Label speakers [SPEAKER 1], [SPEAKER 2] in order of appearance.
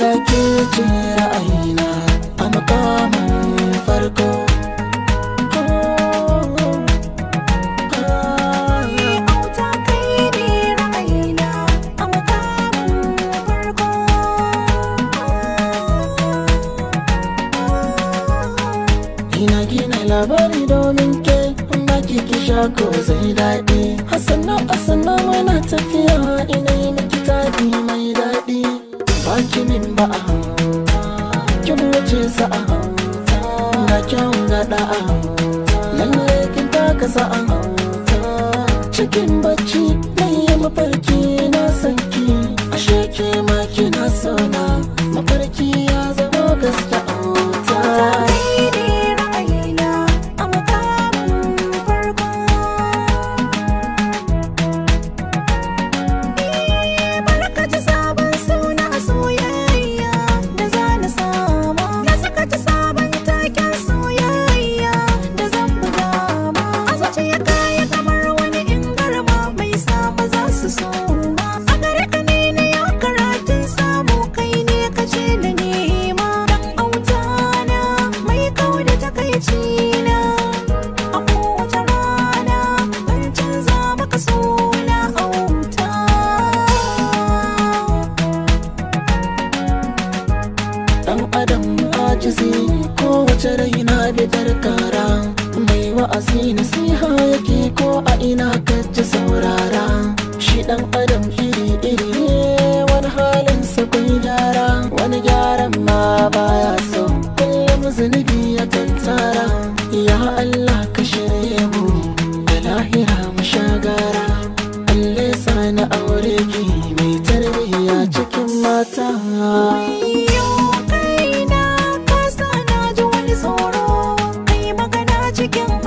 [SPEAKER 1] ta ke ce ra'ayina a makamin farko gina labari domin ke baki kisha ko zai daɗi Hassan na asana mana tafiya ina yi mai daɗi baki min ba'a kin wuce sa'a na kyawun gada lallai kin taka sa'a adam ajizi wace raina bitar kara mai wa'azi nasiha yake ko a ina ka ji saurara shi dan adam iri iri ne wani halin sa kun gyara wani gyaran ma baya so kullum zunubi ya tantara ya Allah ka shirye mu da lahira mu shagara Allah sa na aure ki mai tarbiyya cikin mata
[SPEAKER 2] chicken